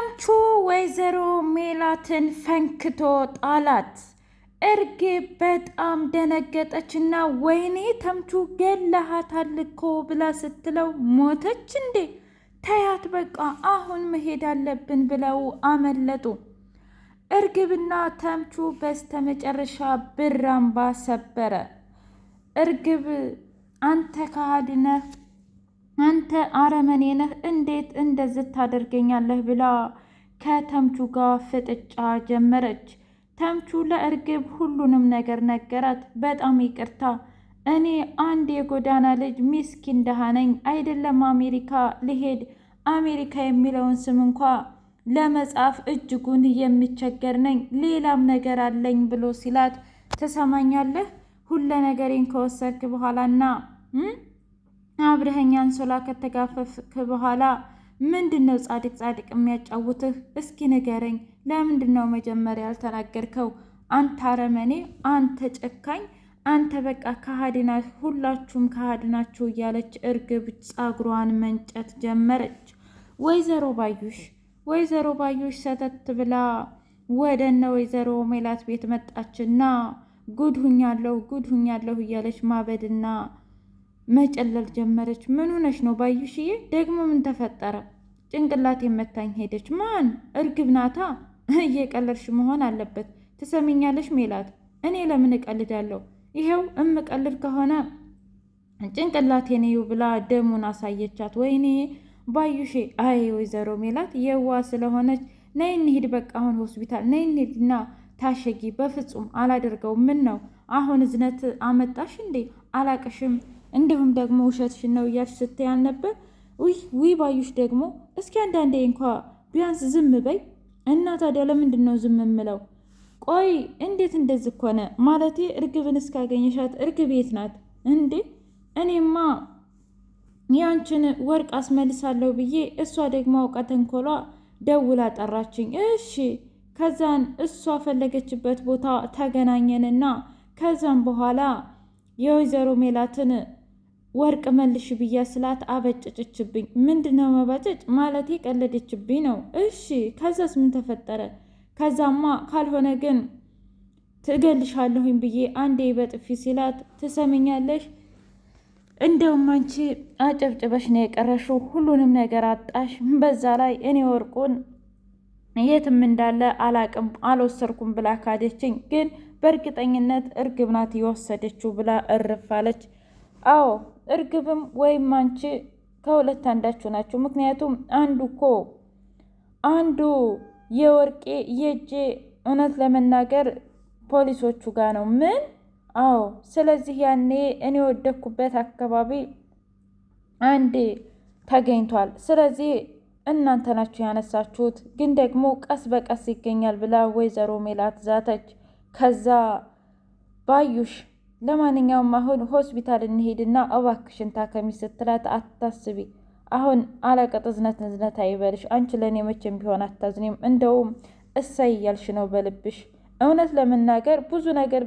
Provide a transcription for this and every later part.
ተምቹ ወይዘሮ ሜላትን ፈንክቶ ጣላት። እርግብ በጣም ደነገጠችና ወይኔ ተምቹ ገለሃታል እኮ ብላ ስትለው ሞተች እንዴ? ተያት በቃ አሁን መሄድ አለብን ብለው አመለጡ። እርግብና ተምቹ በስተመጨረሻ ብር አምባ ሰበረ። እርግብ አንተ ከሃዲ ነህ አንተ አረመኔ ነህ፣ እንዴት እንደዚህ ታደርገኛለህ? ብላ ከተምቹ ጋር ፍጥጫ ጀመረች። ተምቹ ለእርግብ ሁሉንም ነገር ነገራት። በጣም ይቅርታ እኔ አንድ የጎዳና ልጅ ሚስኪን ደሃ ነኝ። አይደለም አሜሪካ ልሄድ አሜሪካ የሚለውን ስም እንኳ ለመጻፍ እጅጉን የሚቸገር ነኝ። ሌላም ነገር አለኝ ብሎ ሲላት፣ ትሰማኛለህ ሁለ ነገሬን ከወሰድክ በኋላና አብረኸኝ አንሶላ ከተጋፈፍክ በኋላ ምንድን ነው ጻድቅ ጻድቅ የሚያጫውትህ? እስኪ ንገረኝ። ለምንድን ነው መጀመሪያ ያልተናገርከው? አንተ አረመኔ፣ አንተ ጨካኝ፣ አንተ በቃ ከሃዲና ሁላችሁም ከሃዲናችሁ እያለች እርግብ ጸጉሯን መንጨት ጀመረች። ወይዘሮ ባዩሽ ወይዘሮ ባዩሽ ሰተት ብላ ወደነ ወይዘሮ ሜላት ቤት መጣችና ጉድ ሁኛለሁ ጉድ ሁኛለሁ እያለች ማበድና መጨለል ጀመረች። ምን ሆነሽ ነው ባዩሽዬ? ደግሞ ምን ተፈጠረ? ጭንቅላት የመታኝ ሄደች። ማን? እርግብ ናታ። እየቀለድሽ መሆን አለበት። ትሰሚኛለሽ ሜላት፣ እኔ ለምን እቀልዳለሁ? ይኸው እምቀልድ ከሆነ ጭንቅላት የኔው ብላ ደሙን አሳየቻት። ወይኔ ባዩሼ፣ አይ ወይዘሮ ሜላት የዋ ስለሆነች ነይ እንሂድ፣ በቃ አሁን ሆስፒታል ነይ እንሂድና ታሸጊ። በፍጹም አላደርገው። ምን ነው አሁን እዝነት አመጣሽ እንዴ? አላቅሽም እንዲሁም ደግሞ ውሸትሽን ነው እያልሽ ስትያል ነበር። ውይ ባዩሽ ደግሞ እስኪ አንዳንዴ እንኳ ቢያንስ ዝም በይ እና ታዲያ ለምንድን ነው ዝም የምለው? ቆይ እንዴት እንደዚህ ኮነ? ማለቴ እርግብን እስካገኘሻት እርግብ የት ናት እንዴ? እኔማ ያንችን ወርቅ አስመልሳለሁ ብዬ እሷ ደግሞ አውቃ ተንኮሏ ደውላ ጠራችኝ። እሺ ከዛን እሷ ፈለገችበት ቦታ ተገናኘንና ከዛም በኋላ የወይዘሮ ሜላትን ወርቅ መልሽ ብያ ስላት አበጨጨችብኝ። ምንድነው መባጨጭ ማለት? ቀለደችብኝ ነው። እሺ ከዛስ ምን ተፈጠረ? ከዛማ ካልሆነ ግን ትገልሻለሁኝ ብዬ አንዴ በጥፊ ሲላት ትሰምኛለሽ፣ እንደውም አንቺ አጨብጭበሽ ነው የቀረሽው፣ ሁሉንም ነገር አጣሽ። በዛ ላይ እኔ ወርቁን የትም እንዳለ አላቅም አልወሰድኩም ብላ ካደችኝ። ግን በእርግጠኝነት እርግብ ናት የወሰደችው ብላ እርፋለች። አዎ እርግብም ወይም አንቺ ከሁለት አንዳችሁ ናችሁ። ምክንያቱም አንዱ እኮ አንዱ የወርቄ የእጄ እውነት ለመናገር ፖሊሶቹ ጋር ነው። ምን? አዎ። ስለዚህ ያኔ እኔ ወደኩበት አካባቢ አንድ ተገኝቷል። ስለዚህ እናንተ ናችሁ ያነሳችሁት፣ ግን ደግሞ ቀስ በቀስ ይገኛል ብላ ወይዘሮ ሜላት ዛተች። ከዛ ባዩሽ ለማንኛውም አሁን ሆስፒታል እንሄድና እባክሽን ታከሚ ስትላት፣ አታስቢ አሁን አለቀጥ ዝነት ንዝነት አይበልሽ አንቺ ለእኔ መቼም ቢሆን አታዝኒም። እንደውም እሰይ እያልሽ ነው በልብሽ። እውነት ለመናገር ብዙ ነገር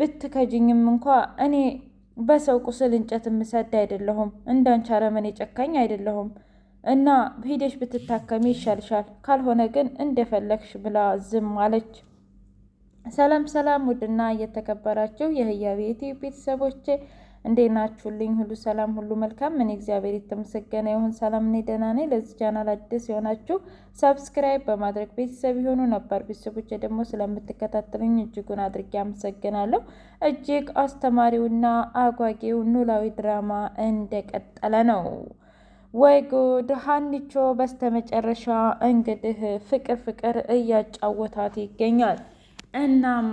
ብትከጅኝም እንኳ እኔ በሰው ቁስል እንጨት የምሰድ አይደለሁም፣ እንዳንቺ አረመኔ ጨካኝ አይደለሁም። እና ሂደሽ ብትታከሚ ይሻልሻል፣ ካልሆነ ግን እንደፈለግሽ ብላ ዝም አለች። ሰላም ሰላም፣ ውድና እየተከበራችሁ የህያቤ ዩቲዩብ ቤተሰቦች እንዴት ናችሁልኝ? ሁሉ ሰላም፣ ሁሉ መልካም። እኔ እግዚአብሔር የተመሰገነ ይሁን ሰላም፣ እኔ ደህና ነኝ። ለዚህ ቻናል አዲስ የሆናችሁ ሰብስክራይብ በማድረግ ቤተሰብ የሆኑ ነባር ቤተሰቦች ደግሞ ስለምትከታተሉኝ እጅጉን አድርጌ አመሰግናለሁ። እጅግ አስተማሪውና አጓጌው ኖላዊ ድራማ እንደቀጠለ ነው። ወይ ጉድ! ሀኒቾ በስተመጨረሻ እንግዲህ ፍቅር ፍቅር እያጫወታት ይገኛል። እናም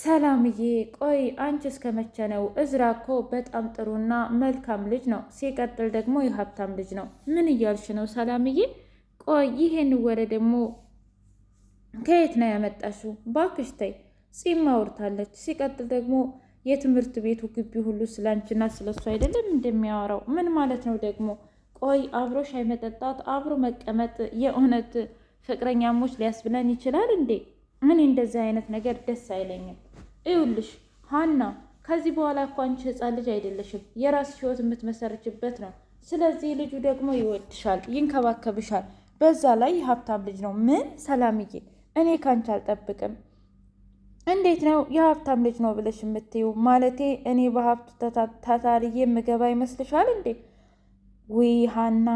ሰላምዬ ቆይ አንቺ እስከ መቼ ነው? እዝራ እኮ በጣም ጥሩና መልካም ልጅ ነው። ሲቀጥል ደግሞ የሀብታም ልጅ ነው። ምን እያልሽ ነው ሰላምዬ? ቆይ ይሄን ወሬ ደግሞ ከየት ነው ያመጣሽው? ባክሽ ተይ። ጺም አውርታለች። ሲቀጥል ደግሞ የትምህርት ቤቱ ግቢ ሁሉ ስላንችና ስለሱ አይደለም እንደሚያወራው። ምን ማለት ነው ደግሞ? ቆይ አብሮ ሻይ መጠጣት፣ አብሮ መቀመጥ የእውነት ፍቅረኛሞች ሊያስብለን ይችላል እንዴ? እኔ እንደዚህ አይነት ነገር ደስ አይለኝም። እዩልሽ ሀና፣ ከዚህ በኋላ እኮ አንቺ ህፃን ልጅ አይደለሽም፣ የራስ ህይወት የምትመሰርችበት ነው። ስለዚህ ልጁ ደግሞ ይወድሻል፣ ይንከባከብሻል። በዛ ላይ የሀብታም ልጅ ነው። ምን ሰላምዬ፣ እኔ ካንቺ አልጠብቅም። እንዴት ነው የሀብታም ልጅ ነው ብለሽ የምትዩ? ማለቴ እኔ በሀብቱ ታታርዬ የምገባ ይመስልሻል እንዴ? ውይ ሀና፣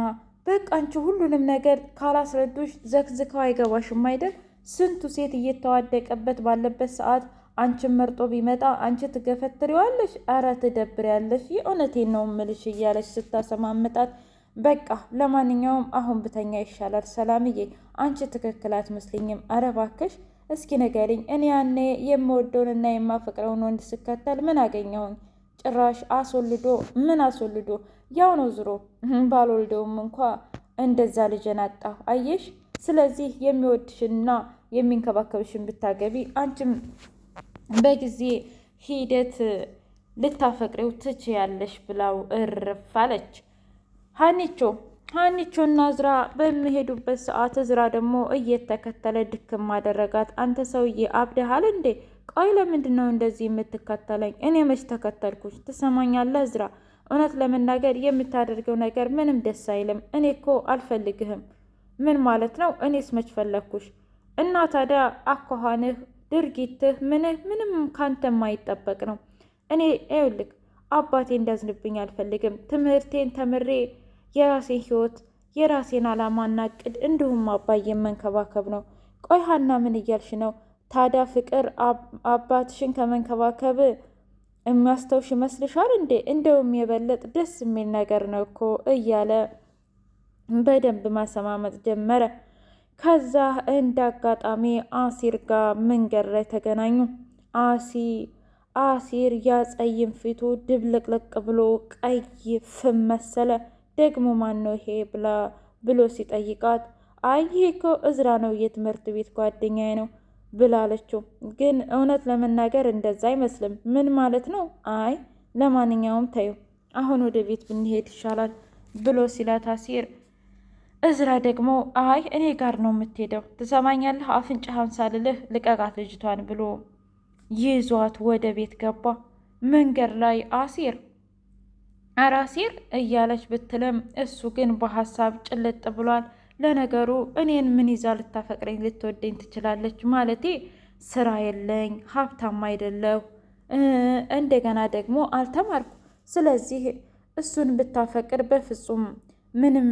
በቃ አንቺ ሁሉንም ነገር ካላስረዱሽ ዘክዝከው አይገባሽም አይደል? ስንቱ ሴት እየተዋደቀበት ባለበት ሰዓት አንቺን መርጦ ቢመጣ አንቺ ትገፈትሪዋለሽ፣ አረ ትደብሪያለሽ፣ የእውነቴን ነው ምልሽ እያለች ስታሰማምጣት፣ በቃ ለማንኛውም አሁን ብተኛ ይሻላል ሰላምዬ፣ አንቺ ትክክል አትመስልኝም፣ አረ እባክሽ እስኪ ንገሪኝ፣ እኔ ያኔ የምወደውንና የማፈቅረውን ወንድ ስከተል ምን አገኘሁኝ? ጭራሽ አስወልዶ ምን አስወልዶ፣ ያው ነው ዝሮ ባልወልደውም እንኳ እንደዛ ልጅን አጣሁ። አየሽ ስለዚህ የሚወድሽና የሚንከባከብሽን ብታገቢ አንቺም በጊዜ ሂደት ልታፈቅሬው ትችያለሽ ብላው እርፍ አለች ሀኒቾ። ሀኒቾና እዝራ በሚሄዱበት ሰዓት እዝራ ደግሞ እየተከተለ ድክም አደረጋት። አንተ ሰውዬ አብደሃል እንዴ? ቆይ ለምንድን ነው እንደዚህ የምትከተለኝ? እኔ መች ተከተልኩች ትሰማኛለህ እዝራ፣ እውነት ለመናገር የምታደርገው ነገር ምንም ደስ አይልም። እኔ እኮ አልፈልግህም ምን ማለት ነው? እኔስ መች ፈለግኩሽ? እና ታዲያ አኳኋንህ፣ ድርጊትህ፣ ምንህ ምንም ካንተ የማይጠበቅ ነው። እኔ ይኸውልህ አባቴ እንዲያዝንብኝ አልፈልግም። ትምህርቴን ተምሬ የራሴን ህይወት የራሴን አላማና እቅድ እንዲሁም አባዬን መንከባከብ ነው። ቆይሃና ምን እያልሽ ነው? ታዲያ ፍቅር አባትሽን ከመንከባከብ የሚያስተውሽ ይመስልሻል እንዴ? እንደውም የበለጥ ደስ የሚል ነገር ነው እኮ እያለ በደንብ ማሰማመጥ ጀመረ። ከዛ እንደ አጋጣሚ አሲር ጋር መንገድ ላይ ተገናኙ። አሲ አሲር ያጸይም ፊቱ ድብልቅልቅ ብሎ ቀይ ፍም መሰለ። ደግሞ ማን ነው ይሄ ብላ ብሎ ሲጠይቃት አይ ይሄ እኮ እዝራ ነው የትምህርት ቤት ጓደኛዬ ነው ብላለችው። ግን እውነት ለመናገር እንደዛ አይመስልም። ምን ማለት ነው? አይ ለማንኛውም ተይው፣ አሁን ወደ ቤት ብንሄድ ይሻላል ብሎ ሲላት አሲር እዝራ ደግሞ አይ እኔ ጋር ነው የምትሄደው፣ ትሰማኛለህ? አፍንጫህን ሳልልህ ልቀቃት ልጅቷን ብሎ ይዟት ወደ ቤት ገባ። መንገድ ላይ አሲር አራሲር እያለች ብትልም እሱ ግን በሀሳብ ጭልጥ ብሏል። ለነገሩ እኔን ምን ይዛ ልታፈቅረኝ ልትወደኝ ትችላለች? ማለቴ ስራ የለኝ ሀብታም አይደለሁ እንደገና ደግሞ አልተማርኩ። ስለዚህ እሱን ብታፈቅር በፍጹም ምንም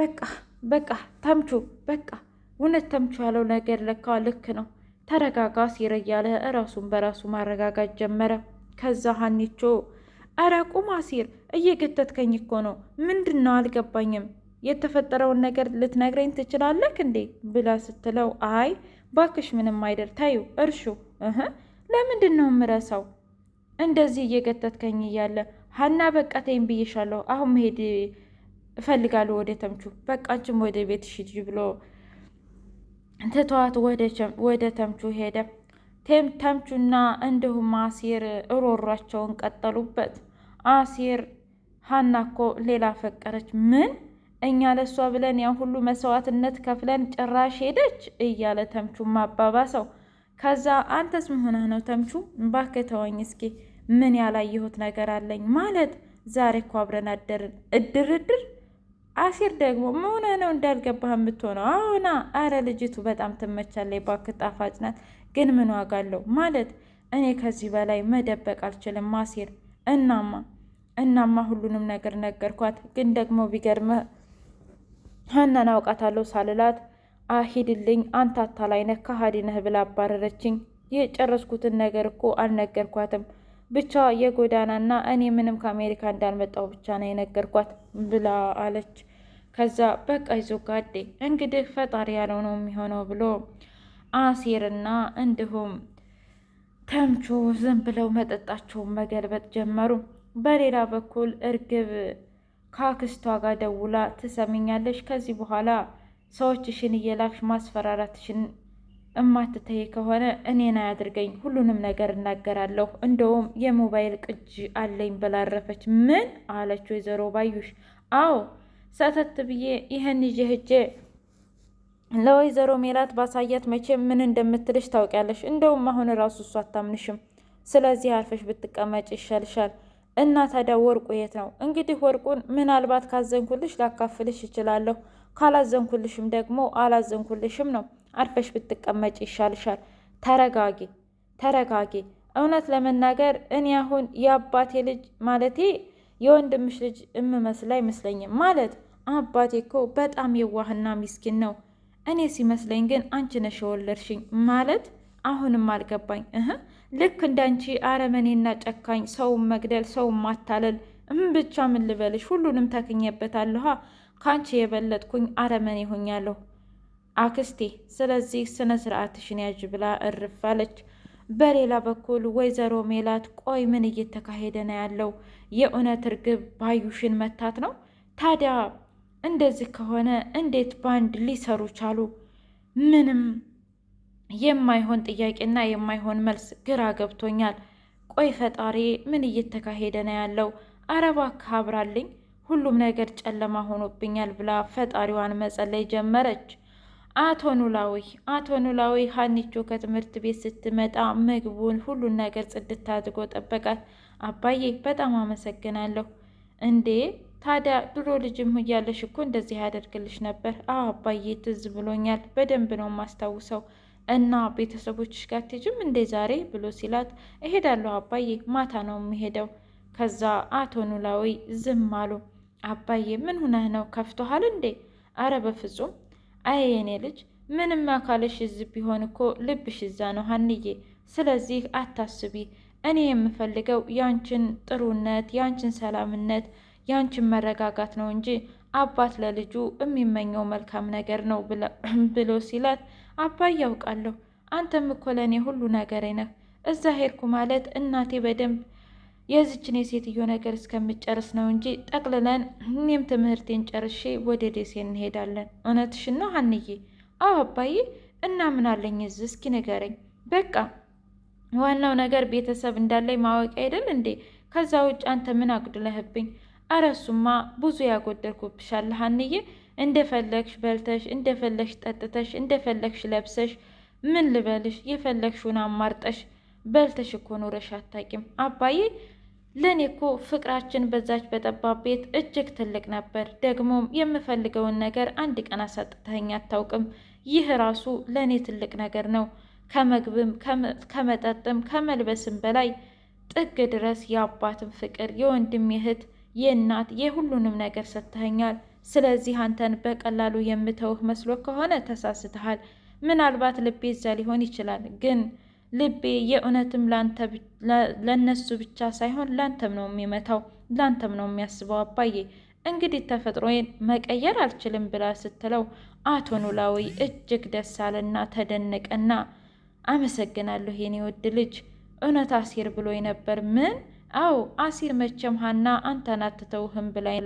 በቃ በቃ ተምቹ በቃ እውነት ተምቹ ያለው ነገር ለካ ልክ ነው። ተረጋጋ ሲር እያለ እራሱን በራሱ ማረጋጋት ጀመረ። ከዛ ሀኒቾ አረ ቁም አሲር፣ እየገተትከኝ እኮ ነው። ምንድን ነው አልገባኝም። የተፈጠረውን ነገር ልትነግረኝ ትችላለህ እንዴ ብላ ስትለው አይ ባክሽ ምንም አይደል ታዩ እርሹ ለምንድን ነው የምረሳው? እንደዚህ እየገተትከኝ እያለ ሀና በቃ ተይኝ ብዬሻለሁ አሁን መሄድ እፈልጋለሁ ወደ ተምቹ በቃ አንቺም ወደ ቤት ሽጂ ብሎ ትተዋት ወደ ተምቹ ሄደ። ተምቹና እንዲሁም አሲር እሮሯቸውን ቀጠሉበት። አሲር ሀና እኮ ሌላ ፈቀረች፣ ምን እኛ ለእሷ ብለን ያ ሁሉ መስዋዕትነት ከፍለን ጭራሽ ሄደች እያለ ተምቹ ሰው ከዛ አንተስ መሆና ነው ተምቹ እባክህ ተወኝ እስኪ ምን ያላየሁት ነገር አለኝ ማለት ዛሬ እኮ አብረን አደርን እድር እድር አሲር ደግሞ ምን ነው እንዳልገባህ የምትሆነው አሁና። አረ ልጅቱ በጣም ትመቻለች፣ ባክ ጣፋጭ ናት። ግን ምን ዋጋ አለው ማለት እኔ ከዚህ በላይ መደበቅ አልችልም አሴር እናማ እናማ ሁሉንም ነገር ነገርኳት። ግን ደግሞ ቢገርምህ ሀናን አውቃታለሁ ሳልላት አሂድልኝ አንታታ ላይ ነህ ከሀዲ ነህ ብላ አባረረችኝ። የጨረስኩትን ነገር እኮ አልነገርኳትም። ብቻ የጎዳናና እኔ ምንም ከአሜሪካ እንዳልመጣው ብቻ ነው የነገርኳት ብላ አለች። ከዛ በቃ ይዞ ጋዴ እንግዲህ ፈጣሪ ያለው ነው የሚሆነው ብሎ አሴርና እንዲሁም ተምቹ ዝም ብለው መጠጣቸውን መገልበጥ ጀመሩ። በሌላ በኩል እርግብ ከአክስቷ ጋር ደውላ ትሰሚኛለሽ፣ ከዚህ በኋላ ሰዎችሽን እየላክሽ ማስፈራራትሽን እማትተይ ከሆነ እኔን አያድርገኝ፣ ሁሉንም ነገር እናገራለሁ። እንደውም የሞባይል ቅጅ አለኝ ብላ አረፈች። ምን አለች ወይዘሮ ባዩሽ? አዎ ሰተት ብዬ ይህን ይዤ ሂጄ ለወይዘሮ ሜላት ባሳያት መቼም ምን እንደምትልሽ ታውቂያለሽ። እንደውም አሁን ራሱ እሱ አታምንሽም። ስለዚህ አርፈሽ ብትቀመጭ ይሻልሻል። እና ታዲያ ወርቁ የት ነው? እንግዲህ ወርቁን ምናልባት ካዘንኩልሽ ላካፍልሽ እችላለሁ። ካላዘንኩልሽም ደግሞ አላዘንኩልሽም ነው አርፈሽ ብትቀመጭ ይሻልሻል። ተረጋጊ ተረጋጊ። እውነት ለመናገር እኔ አሁን የአባቴ ልጅ ማለቴ የወንድምሽ ልጅ እምመስል አይመስለኝም። ማለት አባቴ እኮ በጣም የዋህና ሚስኪን ነው። እኔ ሲመስለኝ ግን አንቺ ነሽ የወለድሽኝ። ማለት አሁንም አልገባኝ እህ ልክ እንዳንቺ አረመኔና ጨካኝ፣ ሰውን መግደል፣ ሰውን ማታለል ብቻ ምን ልበልሽ፣ ሁሉንም ተክኜበታለሁ። ከአንቺ የበለጥኩኝ አረመኔ ሆኛለሁ። አክስቴ ስለዚህ ስነ ስርዓትሽን ያዥ ብላ እርፍ አለች። በሌላ በኩል ወይዘሮ ሜላት ቆይ ምን እየተካሄደ ነው ያለው? የእውነት እርግብ ባዩሽን መታት ነው? ታዲያ እንደዚህ ከሆነ እንዴት ባንድ ሊሰሩ ቻሉ? ምንም የማይሆን ጥያቄና የማይሆን መልስ ግራ ገብቶኛል። ቆይ ፈጣሪ ምን እየተካሄደ ነው ያለው? አረባ ካብራልኝ ሁሉም ነገር ጨለማ ሆኖብኛል ብላ ፈጣሪዋን መጸለይ ጀመረች። አቶ ኖላዊ አቶ ኖላዊ ሀኒቾ ከትምህርት ቤት ስትመጣ ምግቡን ሁሉን ነገር ጽድት አድርጎ ጠበቃት። አባዬ በጣም አመሰግናለሁ። እንዴ ታዲያ ድሮ ልጅም እያለሽ እኮ እንደዚህ ያደርግልሽ ነበር። አዎ አባዬ ትዝ ብሎኛል፣ በደንብ ነው የማስታውሰው። እና ቤተሰቦችሽ ጋር እንዴ ዛሬ ብሎ ሲላት፣ እሄዳለሁ አባዬ፣ ማታ ነው የሚሄደው ከዛ አቶ ኖላዊ ዝም አሉ። አባዬ ምን ሁነህ ነው? ከፍቶሃል እንዴ? አረ በፍጹም አይ የኔ ልጅ ምንም አካልሽ እዚህ ቢሆን እኮ ልብሽ እዛ ነው ሀንዬ። ስለዚህ አታስቢ። እኔ የምፈልገው ያንችን ጥሩነት፣ ያንችን ሰላምነት፣ ያንችን መረጋጋት ነው እንጂ አባት ለልጁ የሚመኘው መልካም ነገር ነው ብሎ ሲላት አባዬ ያውቃለሁ፣ አንተም እኮ ለእኔ ሁሉ ነገሬ ነህ። እዛ ሄድኩ ማለት እናቴ በደንብ የዚችን የሴትዮ ነገር እስከምጨርስ ነው እንጂ ጠቅልለን እኔም ትምህርቴን ጨርሼ ወደ ደሴ እንሄዳለን። እውነትሽን ነው ሀንዬ? አዎ አባዬ። እና ምን አለኝ እዚህ እስኪ ንገረኝ። በቃ ዋናው ነገር ቤተሰብ እንዳለኝ ማወቅ አይደል እንዴ? ከዛ ውጭ አንተ ምን አጉድለህብኝ? አረ እሱማ ብዙ ያጎደልኩብሻል ሀንዬ። እንደፈለግሽ በልተሽ፣ እንደፈለግሽ ጠጥተሽ፣ እንደፈለግሽ ለብሰሽ፣ ምን ልበልሽ፣ የፈለግሽውን አማርጠሽ በልተሽ እኮ ኖረሽ አታቂም አባዬ። ለእኔ እኮ ፍቅራችን በዛች በጠባብ ቤት እጅግ ትልቅ ነበር። ደግሞም የምፈልገውን ነገር አንድ ቀን አሳጥተኸኝ አታውቅም። ይህ ራሱ ለእኔ ትልቅ ነገር ነው። ከመግብም ከመጠጥም ከመልበስም በላይ ጥግ ድረስ የአባትም ፍቅር፣ የወንድም፣ እህት የእናት የሁሉንም ነገር ሰጥተኸኛል። ስለዚህ አንተን በቀላሉ የምተውህ መስሎ ከሆነ ተሳስተሃል። ምናልባት ልቤ እዛ ሊሆን ይችላል ግን ልቤ የእውነትም ለእነሱ ብቻ ሳይሆን ላንተም ነው የሚመታው፣ ላንተም ነው የሚያስበው አባዬ። እንግዲህ ተፈጥሮዬን መቀየር አልችልም ብላ ስትለው አቶ ኖላዊ እጅግ ደስ አለና ተደነቀና፣ አመሰግናለሁ የኔ ውድ ልጅ፣ እውነት አሲር ብሎ ነበር። ምን? አዎ አሲር መቼም ሀና አንተን አትተውህም ብላኝ